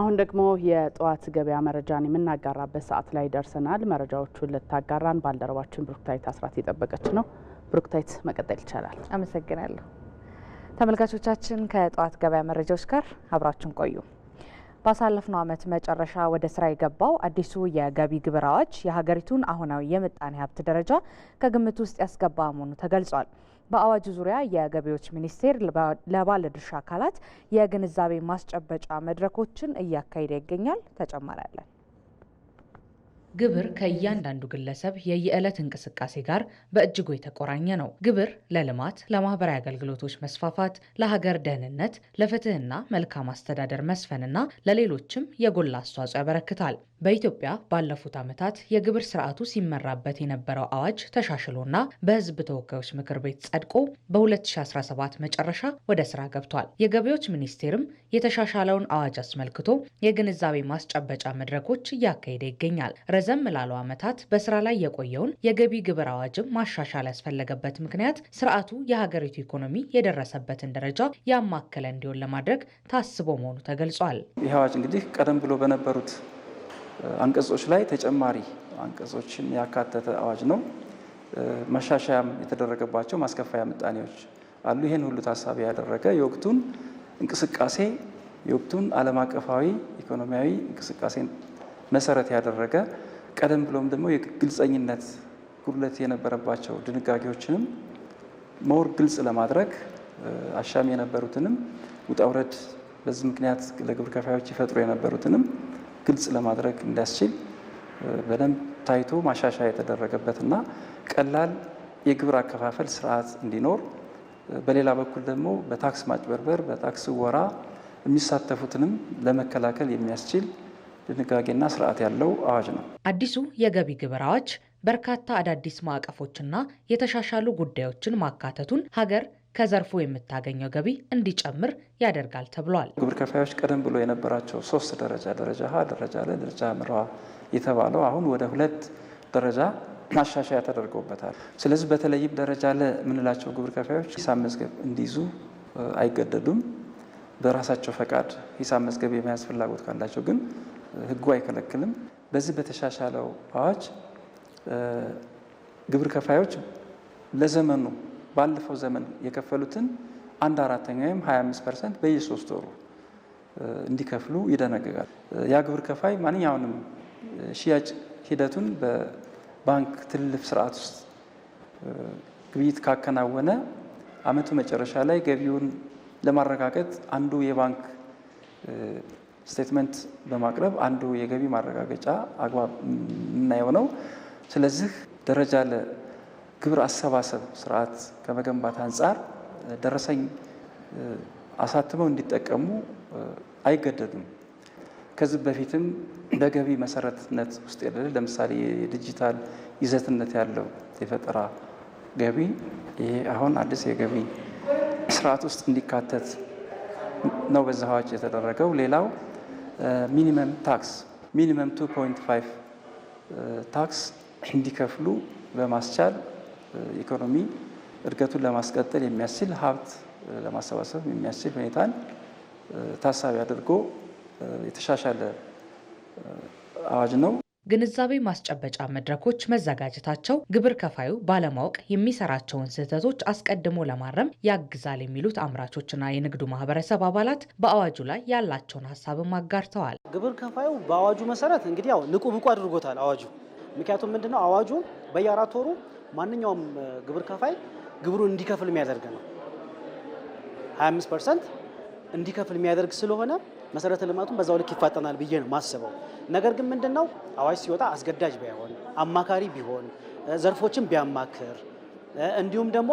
አሁን ደግሞ የጠዋት ገበያ መረጃን የምናጋራበት ሰዓት ላይ ደርሰናል። መረጃዎቹን ልታጋራን ባልደረባችን ብሩክታይት አስራት የጠበቀች ነው። ብሩክታይት መቀጠል ይቻላል። አመሰግናለሁ። ተመልካቾቻችን ከጠዋት ገበያ መረጃዎች ጋር አብራችን ቆዩ። ባሳለፍነው ዓመት መጨረሻ ወደ ስራ የገባው አዲሱ የገቢ ግብር አዋጅ የሀገሪቱን አሁናዊ የምጣኔ ሀብት ደረጃ ከግምት ውስጥ ያስገባ መሆኑ ተገልጿል። በአዋጁ ዙሪያ የገቢዎች ሚኒስቴር ለባለድርሻ አካላት የግንዛቤ ማስጨበጫ መድረኮችን እያካሄደ ይገኛል። ተጨማሪ አለን። ግብር ከእያንዳንዱ ግለሰብ የየዕለት እንቅስቃሴ ጋር በእጅጉ የተቆራኘ ነው። ግብር ለልማት፣ ለማህበራዊ አገልግሎቶች መስፋፋት፣ ለሀገር ደህንነት፣ ለፍትህና መልካም አስተዳደር መስፈንና ለሌሎችም የጎላ አስተዋጽኦ ያበረክታል። በኢትዮጵያ ባለፉት ዓመታት የግብር ስርዓቱ ሲመራበት የነበረው አዋጅ ተሻሽሎና በሕዝብ ተወካዮች ምክር ቤት ጸድቆ በ2017 መጨረሻ ወደ ስራ ገብቷል። የገቢዎች ሚኒስቴርም የተሻሻለውን አዋጅ አስመልክቶ የግንዛቤ ማስጨበጫ መድረኮች እያካሄደ ይገኛል። ረዘም ላሉ ዓመታት በስራ ላይ የቆየውን የገቢ ግብር አዋጅም ማሻሻል ያስፈለገበት ምክንያት ስርዓቱ የሀገሪቱ ኢኮኖሚ የደረሰበትን ደረጃ ያማከለ እንዲሆን ለማድረግ ታስቦ መሆኑ ተገልጿል። ይህ አዋጅ እንግዲህ ቀደም ብሎ በነበሩት አንቀጾች ላይ ተጨማሪ አንቀጾችን ያካተተ አዋጅ ነው። መሻሻያም የተደረገባቸው ማስከፋያ ምጣኔዎች አሉ። ይህን ሁሉ ታሳቢ ያደረገ የወቅቱን እንቅስቃሴ የወቅቱን ዓለም አቀፋዊ ኢኮኖሚያዊ እንቅስቃሴን መሰረት ያደረገ ቀደም ብሎም ደግሞ የግልጸኝነት ጉድለት የነበረባቸው ድንጋጌዎችንም መወር ግልጽ ለማድረግ አሻሚ የነበሩትንም ውጣ ውረድ በዚህ ምክንያት ለግብር ከፋዮች ይፈጥሩ የነበሩትንም ግልጽ ለማድረግ እንዲያስችል በደንብ ታይቶ ማሻሻያ የተደረገበትና ቀላል የግብር አከፋፈል ስርዓት እንዲኖር በሌላ በኩል ደግሞ በታክስ ማጭበርበር፣ በታክስ ወራ የሚሳተፉትንም ለመከላከል የሚያስችል ድንጋጌና ስርዓት ያለው አዋጅ ነው። አዲሱ የገቢ ግብር አዋጅ በርካታ አዳዲስ ማዕቀፎችና የተሻሻሉ ጉዳዮችን ማካተቱን ሀገር ከዘርፉ የምታገኘው ገቢ እንዲጨምር ያደርጋል ተብሏል። ግብር ከፋዮች ቀደም ብሎ የነበራቸው ሶስት ደረጃ ደረጃ ሀ ደረጃ ለ ደረጃ ምረዋ የተባለው አሁን ወደ ሁለት ደረጃ ማሻሻያ ተደርጎበታል። ስለዚህ በተለይም ደረጃ ለ የምንላቸው ግብር ከፋዮች ሂሳብ መዝገብ እንዲይዙ አይገደዱም። በራሳቸው ፈቃድ ሂሳብ መዝገብ የመያዝ ፍላጎት ካላቸው ግን ህጉ አይከለክልም። በዚህ በተሻሻለው አዋጅ ግብር ከፋዮች ለዘመኑ ባለፈው ዘመን የከፈሉትን አንድ አራተኛ ወይም 25 ፐርሰንት በየሶስት ወሩ እንዲከፍሉ ይደነግጋል። ያ ግብር ከፋይ ማንኛውንም ሽያጭ ሂደቱን በባንክ ትልፍ ስርዓት ውስጥ ግብይት ካከናወነ አመቱ መጨረሻ ላይ ገቢውን ለማረጋገጥ አንዱ የባንክ ስቴትመንት በማቅረብ አንዱ የገቢ ማረጋገጫ አግባብ የምናየው ነው። ስለዚህ ደረጃ ለ ግብር አሰባሰብ ስርዓት ከመገንባት አንጻር ደረሰኝ አሳትመው እንዲጠቀሙ አይገደዱም። ከዚህ በፊትም በገቢ መሰረትነት ውስጥ የሌለ ለምሳሌ የዲጂታል ይዘትነት ያለው የፈጠራ ገቢ ይሄ አሁን አዲስ የገቢ ስርዓት ውስጥ እንዲካተት ነው በዚህ አዋጅ የተደረገው። ሌላው ሚኒመም ታክስ ሚኒመም 2.5 ታክስ እንዲከፍሉ በማስቻል ኢኮኖሚ እድገቱን ለማስቀጠል የሚያስችል ሀብት ለማሰባሰብ የሚያስችል ሁኔታን ታሳቢ አድርጎ የተሻሻለ አዋጅ ነው። ግንዛቤ ማስጨበጫ መድረኮች መዘጋጀታቸው ግብር ከፋዩ ባለማወቅ የሚሰራቸውን ስህተቶች አስቀድሞ ለማረም ያግዛል የሚሉት አምራቾችና የንግዱ ማህበረሰብ አባላት በአዋጁ ላይ ያላቸውን ሀሳብም አጋርተዋል። ግብር ከፋዩ በአዋጁ መሰረት እንግዲህ ያው ንቁ ብቁ አድርጎታል አዋጁ ምክንያቱም ምንድነው አዋጁ በየአራት ወሩ ማንኛውም ግብር ከፋይ ግብሩን እንዲከፍል የሚያደርግ ነው። 25 ፐርሰንት እንዲከፍል የሚያደርግ ስለሆነ መሰረተ ልማቱን በዛው ልክ ይፋጠናል ብዬ ነው ማስበው። ነገር ግን ምንድን ነው አዋጅ ሲወጣ አስገዳጅ ባይሆን አማካሪ ቢሆን ዘርፎችን ቢያማክር እንዲሁም ደግሞ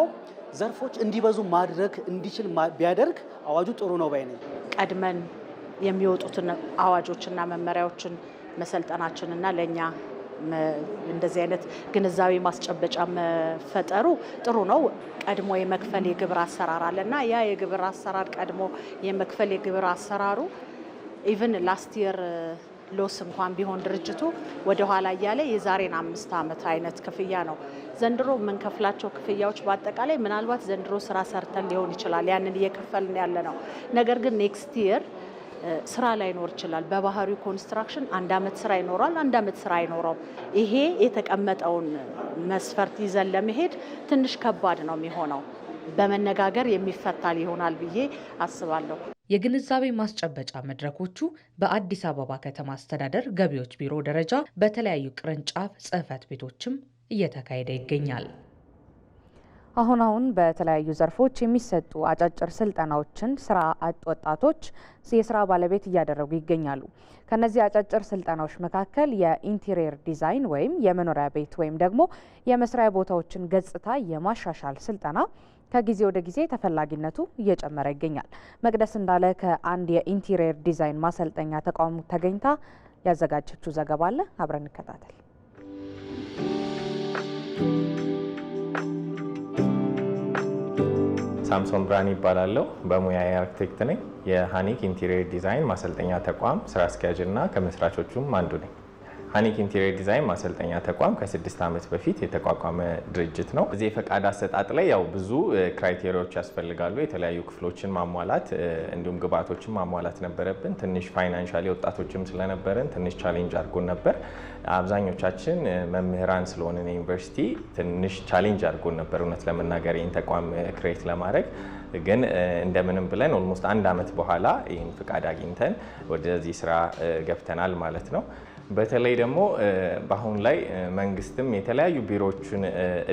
ዘርፎች እንዲበዙ ማድረግ እንዲችል ቢያደርግ አዋጁ ጥሩ ነው ባይ ነኝ። ቀድመን የሚወጡትን አዋጆችና መመሪያዎችን መሰልጠናችንና ለእኛ እንደዚህ አይነት ግንዛቤ ማስጨበጫ መፈጠሩ ጥሩ ነው። ቀድሞ የመክፈል የግብር አሰራር አለ እና ያ የግብር አሰራር ቀድሞ የመክፈል የግብር አሰራሩ ኢቭን ላስት የር ሎስ እንኳን ቢሆን ድርጅቱ ወደ ኋላ እያለ የዛሬን አምስት ዓመት አይነት ክፍያ ነው ዘንድሮ የምንከፍላቸው ክፍያዎች። በአጠቃላይ ምናልባት ዘንድሮ ስራ ሰርተን ሊሆን ይችላል ያንን እየከፈልን ያለ ነው። ነገር ግን ኔክስት የር ስራ ላይኖር ይችላል። በባህሪ ኮንስትራክሽን አንድ አመት ስራ ይኖራል፣ አንድ አመት ስራ አይኖረውም። ይሄ የተቀመጠውን መስፈርት ይዘን ለመሄድ ትንሽ ከባድ ነው የሚሆነው። በመነጋገር የሚፈታል ይሆናል ብዬ አስባለሁ። የግንዛቤ ማስጨበጫ መድረኮቹ በአዲስ አበባ ከተማ አስተዳደር ገቢዎች ቢሮ ደረጃ በተለያዩ ቅርንጫፍ ጽህፈት ቤቶችም እየተካሄደ ይገኛል። አሁን አሁን በተለያዩ ዘርፎች የሚሰጡ አጫጭር ስልጠናዎችን ስራ አጥ ወጣቶች የስራ ባለቤት እያደረጉ ይገኛሉ። ከነዚህ አጫጭር ስልጠናዎች መካከል የኢንቴሪየር ዲዛይን ወይም የመኖሪያ ቤት ወይም ደግሞ የመስሪያ ቦታዎችን ገጽታ የማሻሻል ስልጠና ከጊዜ ወደ ጊዜ ተፈላጊነቱ እየጨመረ ይገኛል። መቅደስ እንዳለ ከአንድ የኢንቴሪየር ዲዛይን ማሰልጠኛ ተቋም ተገኝታ ያዘጋጀችው ዘገባ አለ። አብረን እንከታተል። ሳምሶን ብርሃን ይባላለሁ። በሙያዬ አርክቴክት ነኝ። የሀኒክ ኢንቴሪየር ዲዛይን ማሰልጠኛ ተቋም ስራ አስኪያጅ ከመስራቾቹም አንዱ ነኝ። ሀኒክ ኢንቴሪየር ዲዛይን ማሰልጠኛ ተቋም ከስድስት ዓመት በፊት የተቋቋመ ድርጅት ነው። እዚህ የፈቃድ አሰጣጥ ላይ ያው ብዙ ክራይቴሪያዎች ያስፈልጋሉ። የተለያዩ ክፍሎችን ማሟላት እንዲሁም ግብአቶችን ማሟላት ነበረብን። ትንሽ ፋይናንሻሊ ወጣቶችም ስለነበረን ትንሽ ቻሌንጅ አድርጎን ነበር። አብዛኞቻችን መምህራን ስለሆንን ዩኒቨርሲቲ ትንሽ ቻሌንጅ አድርጎን ነበር እውነት ለመናገር ይህን ተቋም ክሬት ለማድረግ ግን እንደምንም ብለን ኦልሞስት አንድ ዓመት በኋላ ይህን ፍቃድ አግኝተን ወደዚህ ስራ ገብተናል ማለት ነው። በተለይ ደግሞ በአሁን ላይ መንግስትም የተለያዩ ቢሮዎችን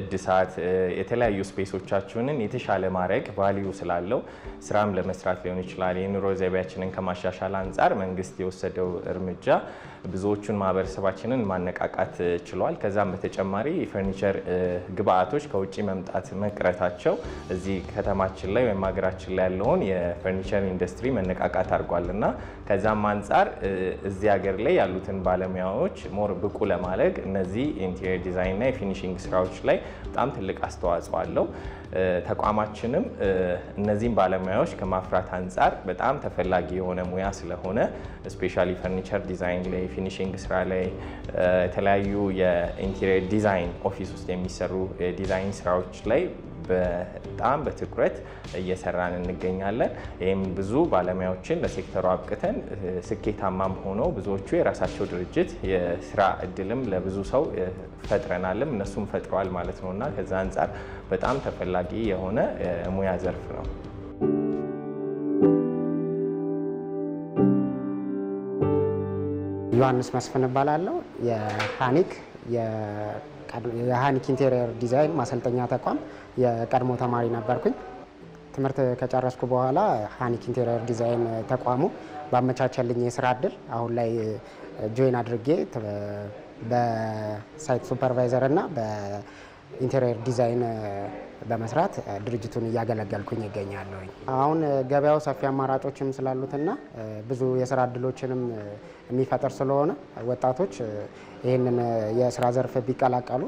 እድሳት የተለያዩ ስፔሶቻችንን የተሻለ ማድረግ ቫሊዩ ስላለው ስራም ለመስራት ሊሆን ይችላል። የኑሮ ዘይቤያችንን ከማሻሻል አንጻር መንግስት የወሰደው እርምጃ ብዙዎቹን ማህበረሰባችንን ማነቃቃት ችሏል። ከዛም በተጨማሪ የፈርኒቸር ግብአቶች ከውጭ መምጣት መቅረታቸው እዚህ ከተማችን ላይ ወይም ሀገራችን ላይ ያለውን የፈርኒቸር ኢንዱስትሪ መነቃቃት አድርጓል እና ከዛም አንጻር እዚህ ሀገር ላይ ያሉትን ባለ ባለሙያዎች ሞር ብቁ ለማድረግ እነዚህ ኢንቴሪየር ዲዛይን እና የፊኒሽንግ ስራዎች ላይ በጣም ትልቅ አስተዋጽኦ አለው። ተቋማችንም እነዚህን ባለሙያዎች ከማፍራት አንጻር በጣም ተፈላጊ የሆነ ሙያ ስለሆነ ስፔሻሊ ፈርኒቸር ዲዛይን ላይ፣ ፊኒሽንግ ስራ ላይ የተለያዩ የኢንቴሪየር ዲዛይን ኦፊስ ውስጥ የሚሰሩ የዲዛይን ስራዎች ላይ በጣም በትኩረት እየሰራን እንገኛለን። ይህም ብዙ ባለሙያዎችን ለሴክተሩ አብቅተን ስኬታማም ሆኖ ብዙዎቹ የራሳቸው ድርጅት የስራ እድልም ለብዙ ሰው ፈጥረናልም እነሱም ፈጥረዋል ማለት ነው እና ከዛ አንጻር በጣም ተፈላጊ የሆነ ሙያ ዘርፍ ነው። ዮሐንስ መስፍን እባላለሁ የፓኒክ የሀኒክ ኢንቴሪየር ዲዛይን ማሰልጠኛ ተቋም የቀድሞ ተማሪ ነበርኩኝ። ትምህርት ከጨረስኩ በኋላ ሀኒክ ኢንቴሪየር ዲዛይን ተቋሙ ባመቻቸልኝ የስራ እድል አሁን ላይ ጆይን አድርጌ በሳይት ሱፐርቫይዘር እና ኢንቴሪየር ዲዛይን በመስራት ድርጅቱን እያገለገልኩኝ ይገኛለሁ። አሁን ገበያው ሰፊ አማራጮችም ስላሉትና ብዙ የስራ እድሎችንም የሚፈጥር ስለሆነ ወጣቶች ይህንን የስራ ዘርፍ ቢቀላቀሉ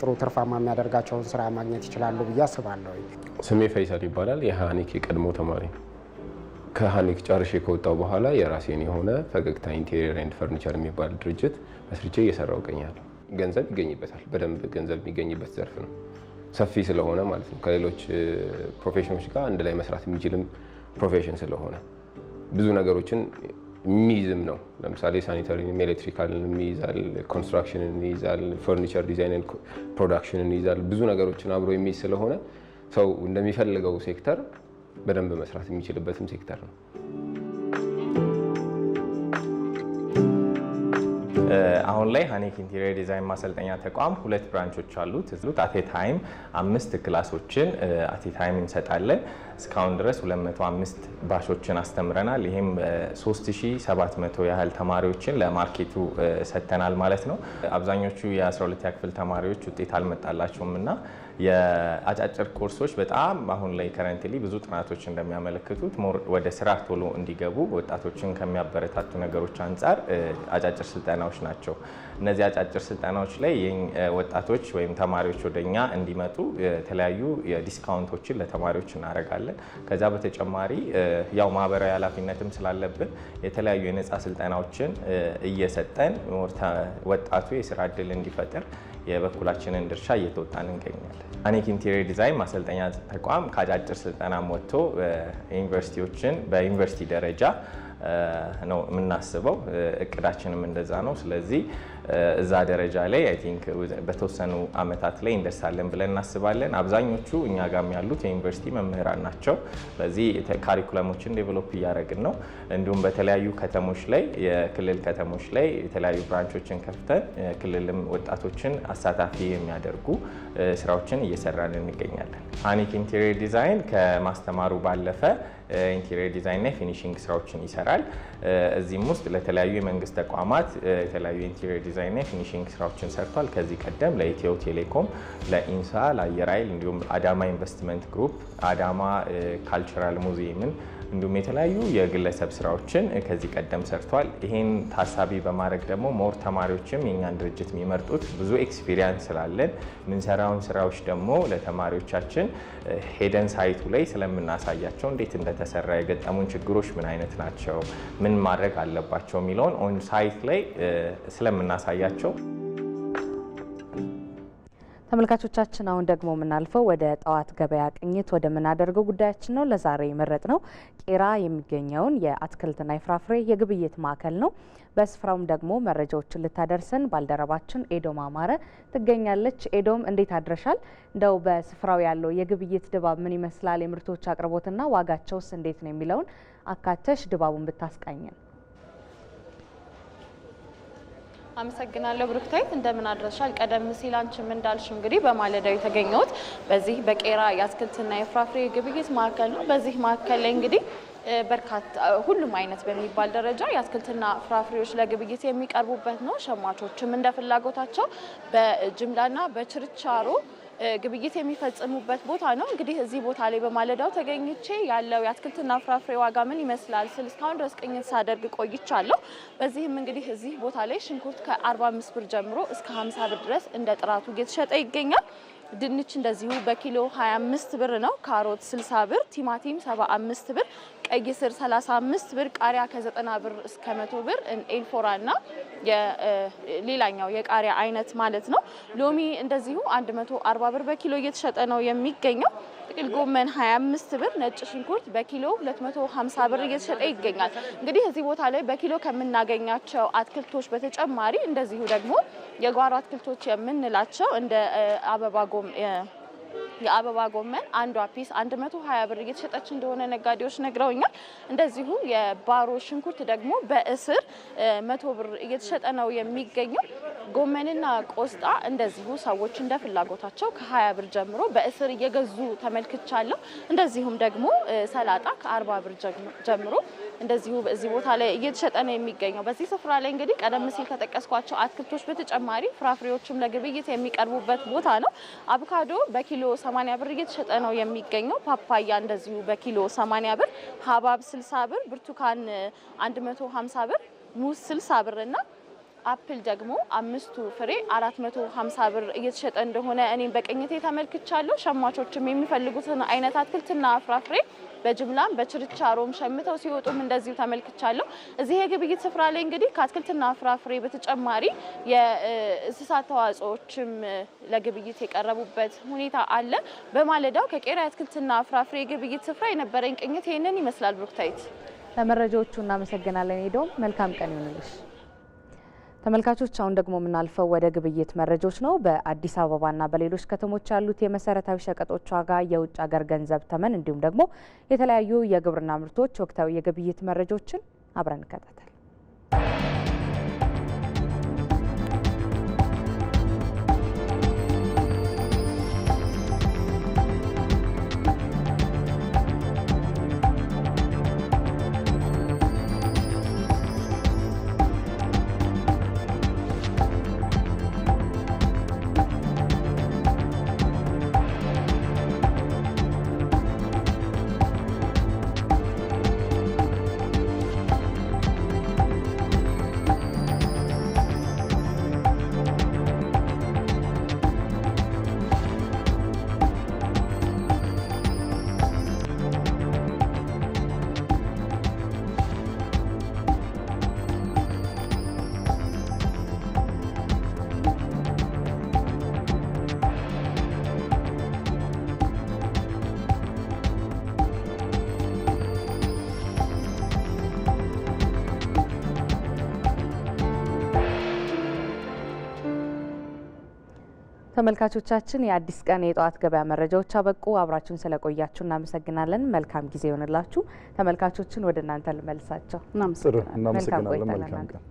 ጥሩ ትርፋማ የሚያደርጋቸውን ስራ ማግኘት ይችላሉ ብዬ አስባለሁ። ስሜ ፈይሰል ይባላል። የሃኒክ የቀድሞ ተማሪ ከሃኒክ ጨርሼ ከወጣው በኋላ የራሴን የሆነ ፈገግታ ኢንቴሪየር ኤንድ ፈርኒቸር የሚባል ድርጅት መስርቼ እየሰራው እገኛለሁ። ገንዘብ ይገኝበታል። በደንብ ገንዘብ የሚገኝበት ዘርፍ ነው። ሰፊ ስለሆነ ማለት ነው። ከሌሎች ፕሮፌሽኖች ጋር አንድ ላይ መስራት የሚችልም ፕሮፌሽን ስለሆነ ብዙ ነገሮችን የሚይዝም ነው። ለምሳሌ ሳኒታሪንም፣ ኤሌክትሪካልን ይይዛል፣ ኮንስትራክሽንን ይይዛል፣ ፈርኒቸር ዲዛይንን፣ ፕሮዳክሽንን ይይዛል። ብዙ ነገሮችን አብሮ የሚይዝ ስለሆነ ሰው እንደሚፈልገው ሴክተር በደንብ መስራት የሚችልበትም ሴክተር ነው። አሁን ላይ ሀኒክ ኢንቴሪየር ዲዛይን ማሰልጠኛ ተቋም ሁለት ብራንቾች አሉት። አቴ ታይም አምስት ክላሶችን አቴ ታይም እንሰጣለን። እስካሁን ድረስ 205 ባሾችን አስተምረናል። ይህም 3700 ያህል ተማሪዎችን ለማርኬቱ ሰጥተናል ማለት ነው። አብዛኞቹ የ12ኛ ክፍል ተማሪዎች ውጤት አልመጣላቸውም እና የአጫጭር ኮርሶች በጣም አሁን ላይ ከረንትሊ ብዙ ጥናቶች እንደሚያመለክቱት ወደ ስራ ቶሎ እንዲገቡ ወጣቶችን ከሚያበረታቱ ነገሮች አንጻር አጫጭር ስልጠናዎች ናቸው። እነዚህ አጫጭር ስልጠናዎች ላይ ወጣቶች ወይም ተማሪዎች ወደ እንዲመጡ የተለያዩ ዲስካውንቶችን ለተማሪዎች እናደርጋለን። ከዛ በተጨማሪ ያው ማህበራዊ ኃላፊነትም ስላለብን የተለያዩ የነፃ ስልጠናዎችን እየሰጠን ወጣቱ የስራ እድል እንዲፈጥር የበኩላችንን ድርሻ እየተወጣን እንገኛለን። አኔክ ኢንቴሪየር ዲዛይን ማሰልጠኛ ተቋም ከአጫጭር ስልጠናም ወጥቶ ዩኒቨርሲቲዎችን በዩኒቨርሲቲ ደረጃ ነው የምናስበው። እቅዳችንም እንደዛ ነው። ስለዚህ እዛ ደረጃ ላይ አይ ቲንክ በተወሰኑ አመታት ላይ እንደርሳለን ብለን እናስባለን። አብዛኞቹ እኛ ጋም ያሉት የዩኒቨርሲቲ መምህራን ናቸው። በዚህ ካሪኩለሞችን ዴቨሎፕ እያደረግን ነው። እንዲሁም በተለያዩ ከተሞች ላይ የክልል ከተሞች ላይ የተለያዩ ብራንቾችን ከፍተን ክልልም ወጣቶችን አሳታፊ የሚያደርጉ ስራዎችን እየሰራን እንገኛለን። ሀኒክ ኢንቴሪየር ዲዛይን ከማስተማሩ ባለፈ ኢንቴሪየር ዲዛይንና ፊኒሽንግ ስራዎችን ይሰራል። እዚህም ውስጥ ለተለያዩ የመንግስት ተቋማት የተለያዩ ኢንቴሪየር ዲዛይንና ፊኒሽንግ ስራዎችን ሰርቷል። ከዚህ ቀደም ለኢትዮ ቴሌኮም፣ ለኢንሳ፣ ለአየር ኃይል እንዲሁም አዳማ ኢንቨስትመንት ግሩፕ አዳማ ካልቸራል ሙዚየምን እንዲሁም የተለያዩ የግለሰብ ስራዎችን ከዚህ ቀደም ሰርቷል። ይህን ታሳቢ በማድረግ ደግሞ ሞር ተማሪዎችም የእኛን ድርጅት የሚመርጡት ብዙ ኤክስፒሪያንስ ስላለን የምንሰራውን ስራዎች ደግሞ ለተማሪዎቻችን ሄደን ሳይቱ ላይ ስለምናሳያቸው እንዴት እንደተሰራ የገጠሙን ችግሮች ምን አይነት ናቸው፣ ምን ማድረግ አለባቸው የሚለውን ኦን ሳይት ላይ ስለምናሳያቸው ተመልካቾቻችን አሁን ደግሞ የምናልፈው ወደ ጠዋት ገበያ ቅኝት ወደምናደርገው ጉዳያችን ነው። ለዛሬ የመረጥ ነው ቄራ የሚገኘውን የአትክልትና የፍራፍሬ የግብይት ማዕከል ነው። በስፍራውም ደግሞ መረጃዎችን ልታደርሰን ባልደረባችን ኤዶም አማረ ትገኛለች። ኤዶም እንዴት አድረሻል? እንደው በስፍራው ያለው የግብይት ድባብ ምን ይመስላል? የምርቶች አቅርቦትና ዋጋቸውስ እንዴት ነው የሚለውን አካተሽ ድባቡን ብታስቃኘን። አመሰግናለሁ ብሩክታዊት፣ እንደምን አድረሻል? ቀደም ሲል አንቺም እንዳልሽ እንግዲህ በማለዳው የተገኘሁት በዚህ በቄራ የአትክልትና የፍራፍሬ ግብይት ማዕከል ነው። በዚህ ማዕከል ላይ እንግዲህ በርካታ ሁሉም አይነት በሚባል ደረጃ የአትክልትና ፍራፍሬዎች ለግብይት የሚቀርቡበት ነው። ሸማቾችም እንደ ፍላጎታቸው በጅምላና በችርቻሮ ግብይት የሚፈጽሙበት ቦታ ነው። እንግዲህ እዚህ ቦታ ላይ በማለዳው ተገኝቼ ያለው የአትክልትና ፍራፍሬ ዋጋ ምን ይመስላል ስል እስካሁን ድረስ ቅኝት ሳደርግ ቆይቻለሁ። በዚህም እንግዲህ እዚህ ቦታ ላይ ሽንኩርት ከ45 ብር ጀምሮ እስከ 50 ብር ድረስ እንደ ጥራቱ እየተሸጠ ይገኛል። ድንች እንደዚሁ በኪሎ 25 ብር ነው። ካሮት 60 ብር፣ ቲማቲም 75 ብር፣ ቀይ 35 ብር፣ ቃሪያ ከ90 ብር እስከ 100 ብር፣ ኤልፎራ እና ሌላኛው የቃሪያ አይነት ማለት ነው። ሎሚ እንደዚሁ 140 ብር በኪሎ እየተሸጠ ነው የሚገኘው። ጥቅል ጎመን 25 ብር፣ ነጭ ሽንኩርት በኪሎ 250 ብር እየተሸጠ ይገኛል። እንግዲህ እዚህ ቦታ ላይ በኪሎ ከምናገኛቸው አትክልቶች በተጨማሪ እንደዚሁ ደግሞ የጓሮ አትክልቶች የምንላቸው እንደ አበባ ጎም የአበባ ጎመን አንዷ ፒስ 120 ብር እየተሸጠች እንደሆነ ነጋዴዎች ነግረውኛል። እንደዚሁ የባሮ ሽንኩርት ደግሞ በእስር መቶ ብር እየተሸጠ ነው የሚገኘው። ጎመንና ቆስጣ እንደዚሁ ሰዎች እንደ ፍላጎታቸው ከ20 ብር ጀምሮ በእስር እየገዙ ተመልክቻለሁ። እንደዚሁም ደግሞ ሰላጣ ከ40 ብር ጀምሮ እንደዚሁ በዚህ ቦታ ላይ እየተሸጠ ነው የሚገኘው። በዚህ ስፍራ ላይ እንግዲህ ቀደም ሲል ከጠቀስኳቸው አትክልቶች በተጨማሪ ፍራፍሬዎችም ለግብይት የሚቀርቡበት ቦታ ነው። አቮካዶ በኪሎ 80 ብር እየተሸጠ ነው የሚገኘው። ፓፓያ እንደዚሁ በኪሎ 80 ብር፣ ሀባብ 60 ብር፣ ብርቱካን 150 ብር ሙዝ 60 ብር እና አፕል ደግሞ አምስቱ ፍሬ 450 ብር እየተሸጠ እንደሆነ እኔም በቅኝቴ ተመልክቻለሁ። ሸማቾችም የሚፈልጉትን አይነት አትክልትና ፍራፍሬ በጅምላም በችርቻሮም ሸምተው ሲወጡም እንደዚሁ ተመልክቻለሁ። እዚህ የግብይት ስፍራ ላይ እንግዲህ ከአትክልትና ፍራፍሬ በተጨማሪ የእንስሳት ተዋጽኦዎችም ለግብይት የቀረቡበት ሁኔታ አለ። በማለዳው ከቄራ አትክልትና ፍራፍሬ የግብይት ስፍራ የነበረኝ ቅኝት ይህንን ይመስላል። ብሩክታይት ለመረጃዎቹ እናመሰግናለን። ሄደውም መልካም ቀን ይሆንልሽ። ተመልካቾች አሁን ደግሞ የምናልፈው ወደ ግብይት መረጃዎች ነው። በአዲስ አበባና በሌሎች ከተሞች ያሉት የመሰረታዊ ሸቀጦች ዋጋ፣ የውጭ ሀገር ገንዘብ ተመን እንዲሁም ደግሞ የተለያዩ የግብርና ምርቶች ወቅታዊ የግብይት መረጃዎችን አብረን እንከታተል። ተመልካቾቻችን የአዲስ ቀን የጠዋት ገበያ መረጃዎች አበቁ። አብራችሁን ስለቆያችሁ እናመሰግናለን። መልካም ጊዜ ይሆንላችሁ። ተመልካቾችን ወደ እናንተ ልመልሳቸው። እናመሰግናለን። መልካም ቆይታ